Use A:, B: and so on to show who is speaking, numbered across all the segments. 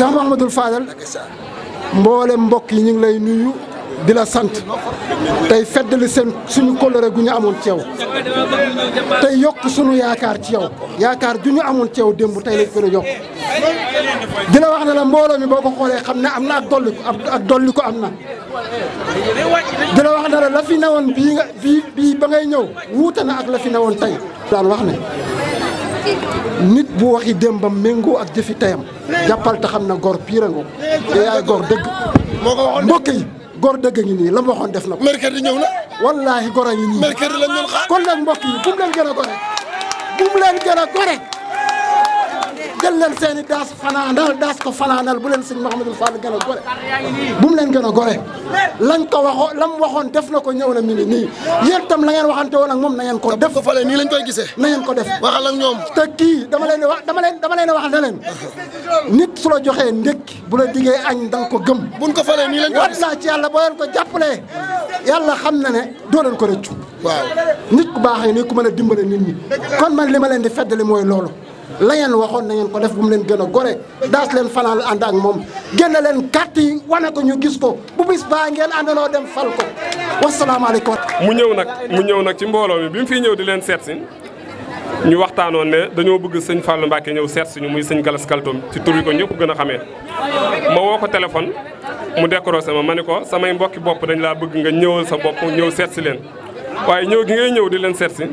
A: Cheikh Mouhamadul Fadal mboolem mbokk yi ñu ngi lay nuyu di la sant tey feddali seen suñu kóllëre gu ñu amoon ci yow tey yokk suñu yaakaar ci yow yaakaar ju ñu amoon ci yow démb tey lañ gën a yokk di la wax ne la mbooloo mi boo ko xoolee xam ne am na ak dolli ko ko am na di la wax ne la la fi newoon bii nga bii bii ba ngay ñëw wuute na ak la fi newoon tey daan wax na nit bu waxi démbam méngoo ak jëfi tayam jàppal te xam na gor pire nga te gor dëgg. moo ko waxoon mbokk yi gor dëgg ngi nii la ma waxoon def na ko. ñëw na. wallaahi gor a ngi nii. kon nag mbokk yi bu mu leen gën a gore bu mu leen gën a gore. jël leen seen i daas fanaanal daas ko fanaanal bu leen sëñ Mouhamadou Fall gën a gore bu mu leen gën a gore lañ ko waxoo lam waxoon def na ko ñëw na mi ngi nii yéen itam la ngeen waxante woon ak moom na ngeen ko def ko falee nii lañ koy gisee na ngeen ko def waxal ak ñoom te kii dama leen wax dama leen dama leen wax ne leen nit su la joxee ndékki bu la digee añ da ko gëm buñ ko falee nii lañ ko gis naa ci yàlla boo leen ko jàppalee yàlla xam na ne doo leen ko rëccu waaw nit ku baax yi nii ku mën a dimbale nit ñi kon man li ma leen di feddali mooy loolu la ngeen waxoon na ko def bu mu leen gën a gore daas leen fanaal ànd ak moom génn leen carte yi wane ko ñu gis ko bu bis baa ngeen àndandoo dem fal ko wasalaamaaleykum.
B: mu ñëw nag mu ñëw nag ci mbooloo mi bi mu fiy ñëw di leen seet si ñu waxtaanoon ne dañoo bëgg sëñ Fallou Mbacké ñëw seet si ñu muy sëñ Galas Kaltoum ci tur yi ko ñëpp gën a xamee ma woo ko téléphone. mu décorosé ma ma ne ko samay mbokki bopp dañ laa bëgg nga ñëwal sa bopp ñëw seet si leen waaye ñëw gi ngay ñëw di leen seet si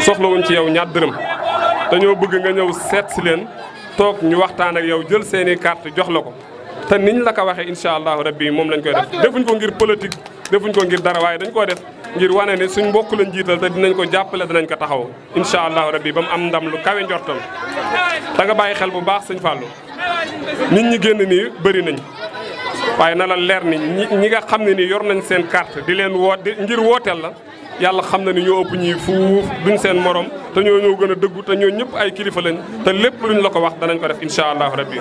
B: soxlawuñ ci yow ñaar dërëm dañoo bëgg nga ñëw seet si leen toog ñu waxtaan ak yow jël seeni carte jox la ko te niñ la ko waxee incha allahu rabbi moom lañ koy def defuñ ko ngir politique defuñ ko ngir dara waaye dañ koo def ngir wane ne suñ mbokk lañ jiital te dinañ ko jàppale danañ ko taxaw incha allahu rabbi ba mu am ndam lu kawe njortam da nga bàyyi xel bu baax sëñ Fallou nit ñi génn nii bëri nañ waaye na la leer ni ñi nga xam ne nii yor nañ seen carte di leen woo ngir wooteel la yàlla xam na ni ñoo ëpp ñii fuuf duñ seen morom te ñoo ñoo gën a dëggu te ñoo ñëpp ay kilifa leen te lépp luñ la ko wax danañ ko def incha allahu rabbi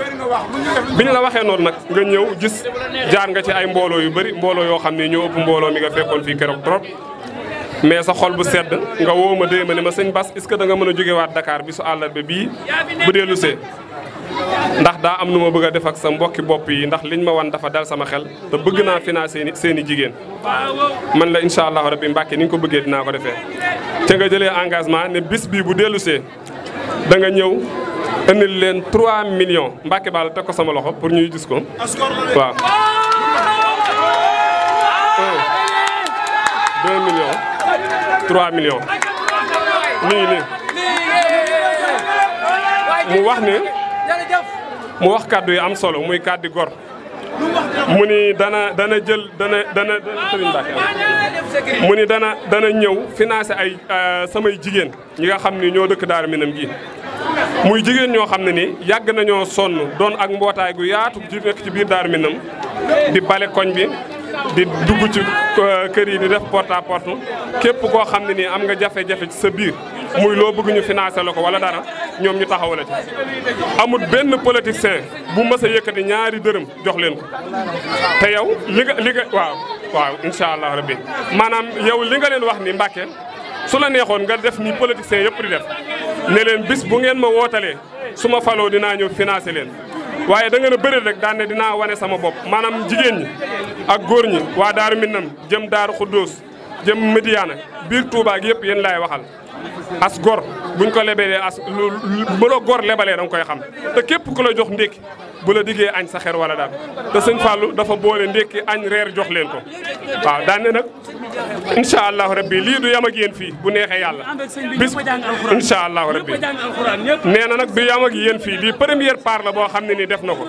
B: ñu la waxee noon nag nga ñëw gis jaar nga ci ay mbooloo yu bëri mbooloo yoo xam ne ñoo ëpp mbooloo mi nga fekkoon fii keroog trop mais sa xol bu sedd nga woow ma déy ma ne ma sëñ Bass est-ce que da mën a jógewaat Dakar bi su àllarba bii bu dee lusee ndax daa am nu ma bëgg a def ak sa mbokki bopp yi ndax liñ ma wan dafa dal sama xel te bëgg naa financé seen seeni jigéen man la incha allah rabbi Mbàkke ni nga ko bëggee dinaa ko defee te nga jëlee engagement ne bis bi bu dellusee da nga ñëw indil leen 3 millions Mbàkke baal teg ko sama loxo pour ñuy gis ko waaw 3 millions mi ngi nii mu wax ne mu wax kàddu yi am solo muy kàddu gor mu ni dana dana jël dana dana mu ni dana dana ñëw financé ay euh, samay jigéen ñi nga xam ni ñoo dëkk Daaru Minam gi muy jigéen ñoo xam ne ni yàgg nañoo sonn doon ak mbootaay gu yaatu ji nekk ci biir Daaru Minam di bale koñ bi di dugg ci euh, kër yi di def porte à porte képp koo xam ne nii am nga jafe-jafe ci sa biir muy loo bëgg ñu financé la ko wala dara ñoom ñu taxaw la ci. amul benn politicien bu mës a yëkkati ñaari dërëm jox leen ko te yow li nga li nga waaw waaw incha allah rabbi maanaam yow li nga leen wax ni Mbàkke su la neexoon nga def ni politicien yëpp di def ne leen bis bu ngeen ma wootalee su ma faloo dinaa ñëw financé leen. waaye da ngeen a bëri rek daan dinaa wane sama bopp maanaam jigéen ñi ak góor ñi waa daaru Minam jëm daaru Xuddoos jëm Médiana biir Touba gi yëpp yéen laay waxal as gor buñ ko lebelee as lu mënoo gor lebalee da koy xam te képp ku la jox ndékki bu la diggee añ sa xer wala daal te sëñ Fallou dafa boole ndékki añ reer jox leen ko waaw daan nag incha allahu rabbi lii du yam ak yéen fii bu neexee yàlla
C: bis incha allahu rabbi
B: nee na nag du yam ak yéen fii lii première part la boo xam ne ni def na ko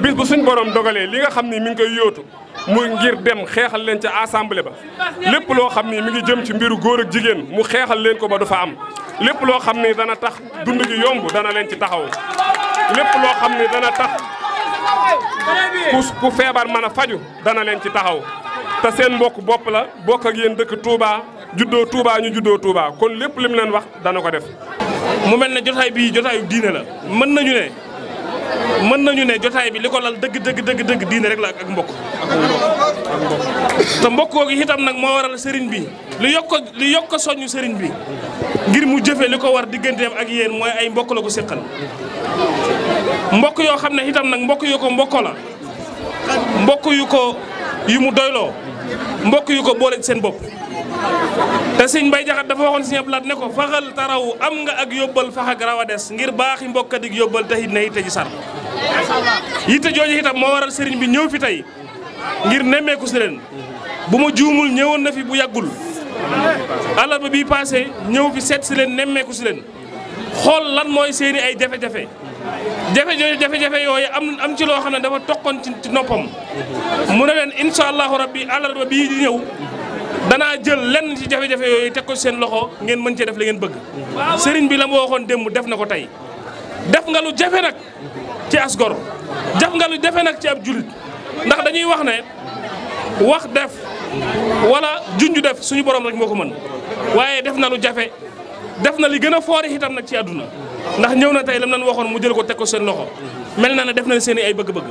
B: bis bu suñ borom dogalee li nga xam ni mu ngi koy yóotu mu ngir dem xeexal leen ca assemblée ba lépp loo xam ni mi ngi jëm ci mbiru góor ak jigéen mu xeexal leen ko ba du fa am lépp loo xam ni dana tax dund gi yomb dana leen ci taxaw ku ku feebar mën a faju dana leen ci taxaw te seen mbokk bopp la bokk ak yéen dëkk Touba juddoo tuubaa ñu juddoo
C: tuubaa kon lépp li leen wax dana ko def. mu mel ne jotaay bii jotaayu diine la mën nañu ne mën nañu ne jotaay bi li ko lal dëgg dëgg dëgg diine rek la ak mbokk. te mbokkoo gi itam nag moo waral sëriñ bi li yokk li lu yokk ko soññu sëriñ bi ngir mu jëfe li ko war digganteem ak yéen mooy ay mbokk la ko séqal yoo xam ne itam nag mbokku yu ko mbokko la mbokk yu ko yu mu doyloo mbokk yu ko boole seen bopp te sëñ Mbay Jaxate dafa waxoon sëñ Ablaat ne ko faxal taraw am nga ak yóbbal fax ak raw a des ngir baaxi mbokk dig yóbbal te it ne itte sar yitte jooju itam waral sëriñ bi ñëw fi tey ngir nemmeeku si bu ma juumul ñëwoon na fi bu yàggul àllarba bii passé ñëw fi seet si leen nemmeeku si leen xool lan mooy seeni ay jafe-jafe jafe jafe jafe jafe yooyu am am ci loo xam ne dafa toqoon ci noppam mu ne leen incha allahu rabbi àllarba bii di ñëw danaa jël lenn ci jafe-jafe yooyu teg ko seen loxo ngeen mën cee def li ngeen bëgg sëriñ bi la mu waxoon démb def na ko tey def nga lu jafe nag ci asgor def nga lu jafe nag ci ab jullit ndax dañuy wax ne wax def wala junj def suñu borom rek moo ko mën waaye def na lu jafe def na li gën a foori itam nag ci adduna ndax ñëw na tey lam nan waxoon mu jël ko teg ko seen loxo mel na ne def na seen ay bëgg-bëgg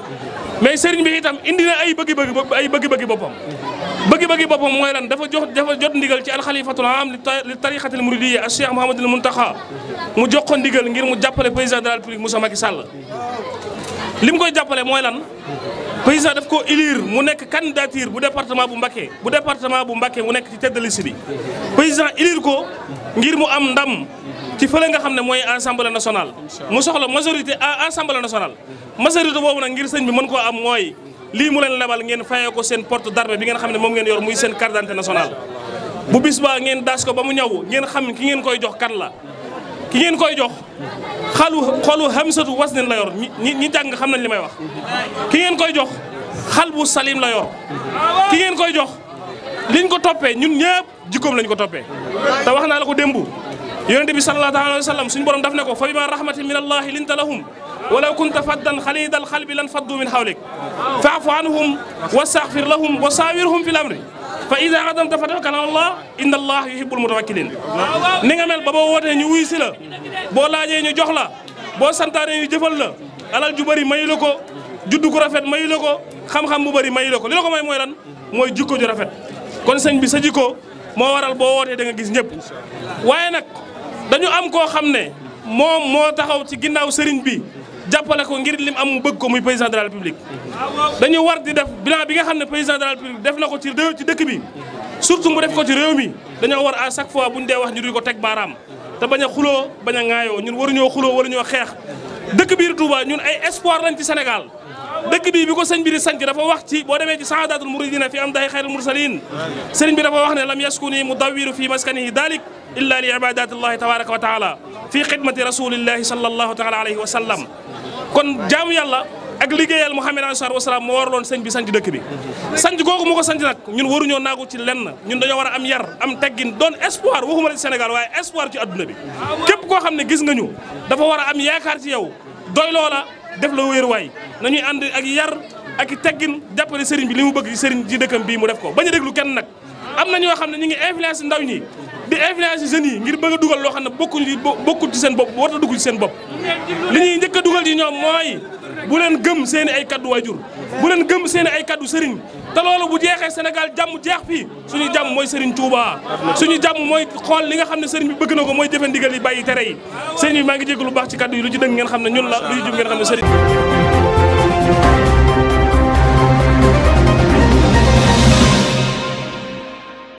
C: mais sëriñ bi itam indi na ay bëgg-bëgg ay bëgg-bëggi boppam bëgg-bëggi boppam mooy lan dafa jox dafa jot ndigal ci alxalifatul am li tariqatil muridiyya ak Cheikh Mouhamadul Muntaxa mu jox ko ndigal ngir mu jàppale président de la République mu koy jàppale mooy président def ko élire mu nekk candidature bu département bu Mbacké bu département bu Mbacké mu nekk ci tête de liste bi président élire ko ngir mu am ndam ci fële nga xam ne mooy assemblée nationale mu soxla majorité à assemblée nationale majorité boobu nag ngir sëñ bi mën koo am mooy lii mu leen lebal ngeen fayee ko seen porte d'armée bi ngeen xam ne moom ngeen yor muy seen carte d'identité nationale bu bis ba ngeen daas ko ba mu ñaw ngeen xam ki ngeen koy jox kan la ki ngeen koy jox xalu xolu hamsatu wasnin la yor ñi ñi jàng xam nañ li may wax ki ngeen koy jox xal bu salim la yor ki ngeen koy jox liñ ko toppee ñun ñëpp jikkoom lañ ko toppee te wax naa la ko démb yonente bi sallallahu alayhi wa sallam suñu borom daf ne ko fa bima rahmatin min allahi linta lahum walaw kunta faddan xalidal xalbi lan faddu min xawlik faafu anhum wastaxfir lahum wa saawirhum fi l amri fa isa azamta fa tawakkal ala allah inna allah yuhibbul mutawakkilin ni nga mel ba boo wootee ñu wuy si la boo laajee ñu jox la boo santaanee ñu jëfal la alal ju bëri may la ko juddu ku rafet may la ko xam-xam bu bëri mayu la ko li la ko may mooy lan mooy jikko ju rafet kon sëñ bi sa jikko moo waral boo wootee danga gis ñëpp waaye nag dañu am koo xam ne moom moo taxaw ci ginnaaw sëriñ bi jàppale ko ngir lim am mu bëgg ko muy président de la dañu war di def bi nga xam ne président de la république def na ko ci réew ci dëkk bi surtout mu def ko ci réew mi dañoo war a chaque fois bu ñu wax ñu di ko teg baaraam te bañ a xuloo bañ a ŋaayoo ñun waruñoo xuloo waruñoo xeex dëkk biir Touba ñun ay espoir lañ ci Sénégal dëkk bii bi ko sëñ bi di sanc dafa wax ci boo demee ci saadatul muridina fi am daay xayrul mursalin sëriñ bi dafa wax ne lam yaskuni mu dawiru fi maskanihi kon jaamu yàlla ak liggéeyal Muhammad alayhi salaatu wasalaam moo waraloon sëñ bi sanc dëkk bi sanc googu mu ko sanc nag ñun waruñoo naagu ci lenn ñun dañoo war a am yar am teggin doon espoir waxuma la ci waaye espoir ci adduna bi képp koo xam ne gis nga ñu dafa war am yaakaar ci yow doy loola def la wéeruwaay nañuy ànd ak yar ak teggin jàppale sëriñ bi li mu bëgg ci sëriñ ci dëkkam bii mu def ko bañ a déglu kenn nag am na ñoo xam ne ñu ngi influence ndaw ñi di yi ngir a dugal loo xam ne bokkuñ bokkul ci seen bopp warta dugg ci bopp li ñuy njëkk a dugal ci ñoom mooy bu leen gëm seen i ay kaddu waajur bu leen gëm seen ay kaddu sëriñ te loolu bu jeexee senegal jàmm jeex fii suñu jàmm mooy sëriñ Touba suñu jàmm mooy xool li nga xam ne sëriñ bi bëgg na ko mooy jëfe ndigal yi bàyyi tere yi sëriñ bi maa ngi jégg lu baax ci kaddu yi lu ci dëng ngeen xam ne ñun la luy jub ngeen xam ne sëriñ